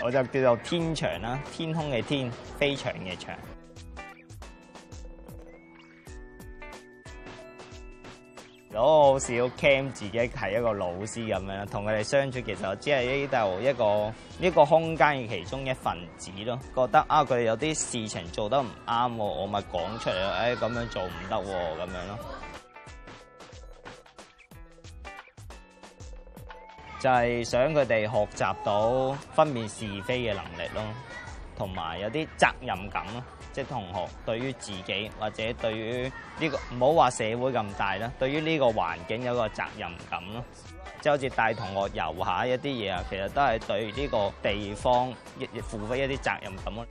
我就叫做天翔啦，天空嘅天，飛翔嘅翔。我好少 cam 自己係一個老師咁樣，同佢哋相處，其實我只係呢度一個呢、呢個空間嘅其中一份子咯。覺得啊，佢哋有啲事情做得唔啱，我我咪講出嚟，誒、哎，咁樣做唔得喎，咁樣咯。就係想佢哋學習到分辨是非嘅能力咯，同埋有啲責任感咯，即係同學對於自己或者對於呢個唔好話社會咁大啦，對於呢個環境有個責任感咯，即係好似帶同學遊下一啲嘢啊，其實都係對呢個地方亦亦負起一啲責任感咯。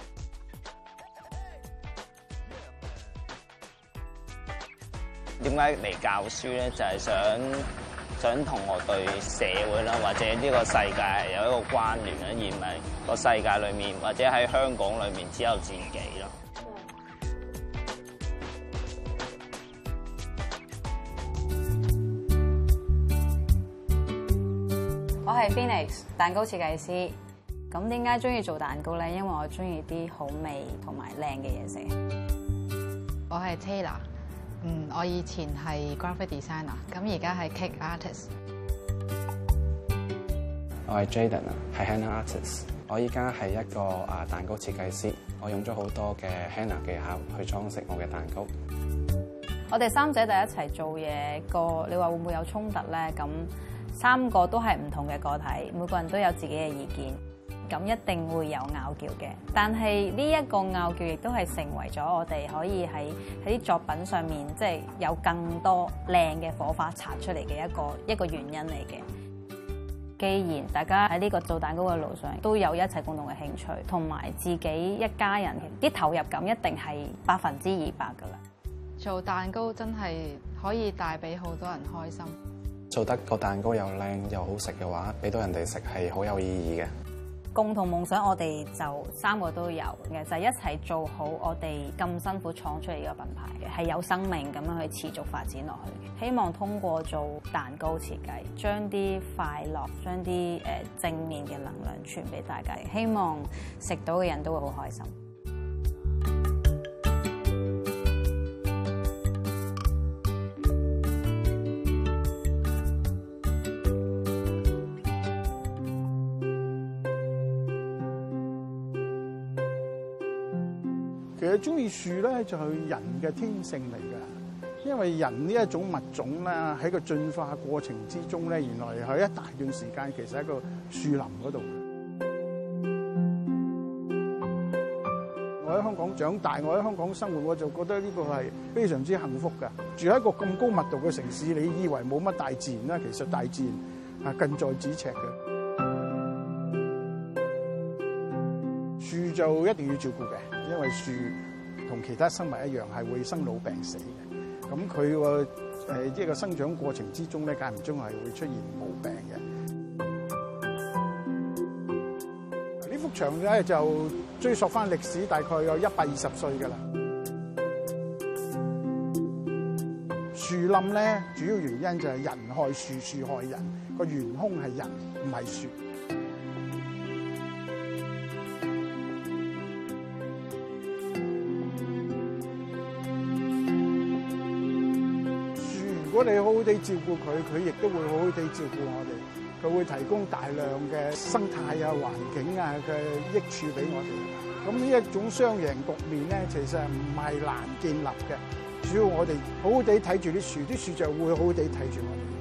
點解嚟教書咧？就係想。想同我對社會啦，或者呢個世界有一個關聯啦，而唔係個世界裏面或者喺香港裏面只有自己囉！我係 Phoenix 蛋糕設計師，咁點解中意做蛋糕咧？因為我中意啲好味同埋靚嘅嘢食。我係 Taylor。嗯，我以前係 graphic designer，咁而家係 cake artist。我係 Jayden，係 Hannah artist。我依家係一個啊蛋糕設計師，我用咗好多嘅 Hannah 技巧去裝飾我嘅蛋糕。我哋三者就一齊做嘢，個你話會唔會有衝突咧？咁三個都係唔同嘅個體，每個人都有自己嘅意見，咁一定會有拗撬嘅，但係呢一個拗撬亦都係成為咗我哋可以喺喺啲作品上面，即係有更多靚嘅火花擦出嚟嘅一個一個原因嚟嘅。既然大家喺呢個做蛋糕嘅路上都有一齊共同嘅興趣，同埋自己一家人啲投入感一定係百分之二百噶啦。做蛋糕真係可以帶俾好多人開心，做得個蛋糕又靚又好食嘅話，俾到人哋食係好有意義嘅。共同夢想，我哋就三個都有嘅，就係一齊做好我哋咁辛苦創出嚟嘅品牌嘅，係有生命咁樣去持續發展落去。希望通過做蛋糕設計，將啲快樂、將啲誒正面嘅能量傳俾大家。希望食到嘅人都會好開心。其實中意樹咧，就係人嘅天性嚟噶。因為人呢一種物種咧，喺個進化過程之中咧，原來係一大段時間其實喺個樹林嗰度。我喺香港長大，我喺香港生活，我就覺得呢個係非常之幸福噶。住喺一個咁高密度嘅城市，你以為冇乜大自然啦，其實大自然近在咫尺嘅。樹就一定要照顧嘅。因為樹同其他生物一樣，係會生老病死嘅。咁佢個誒一個生長過程之中咧，間唔中係會出現毛病嘅。 這幅牆，呢幅牆咧就追溯返歷史，大概有一百二十歲㗎喇。樹冧咧，主要原因就係人害樹，樹害人。個元兇係人，唔係樹。如果你好好地照顧佢，佢亦都會好好地照顧我哋。佢會提供大量嘅生態啊、環境啊嘅益處俾我哋。咁呢一種雙贏局面咧，其實唔係難建立嘅。只要我哋好好地睇住啲樹，啲樹就會好好地睇住我哋。